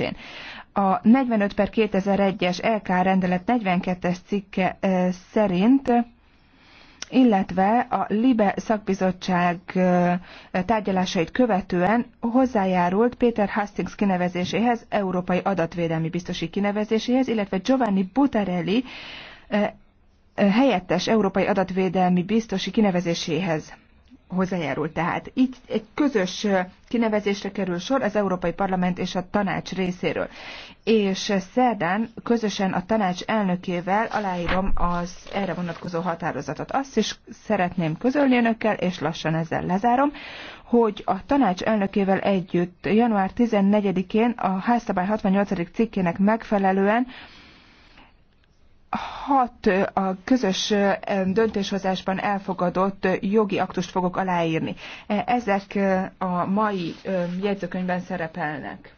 én. A 45 per 2001-es LK rendelet 42-es cikke szerint illetve a LIBE szakbizottság tárgyalásait követően hozzájárult Péter Hastings kinevezéséhez, Európai Adatvédelmi Biztosi kinevezéséhez, illetve Giovanni Butarelli helyettes Európai Adatvédelmi Biztosi kinevezéséhez hozzájárul. Tehát így egy közös kinevezésre kerül sor az Európai Parlament és a tanács részéről. És szerdán közösen a tanács elnökével aláírom az erre vonatkozó határozatot. Azt is szeretném közölni önökkel, és lassan ezzel lezárom, hogy a tanács elnökével együtt január 14-én a házszabály 68. cikkének megfelelően hat a közös döntéshozásban elfogadott jogi aktust fogok aláírni. E, ezek a mai jegyzőkönyvben szerepelnek.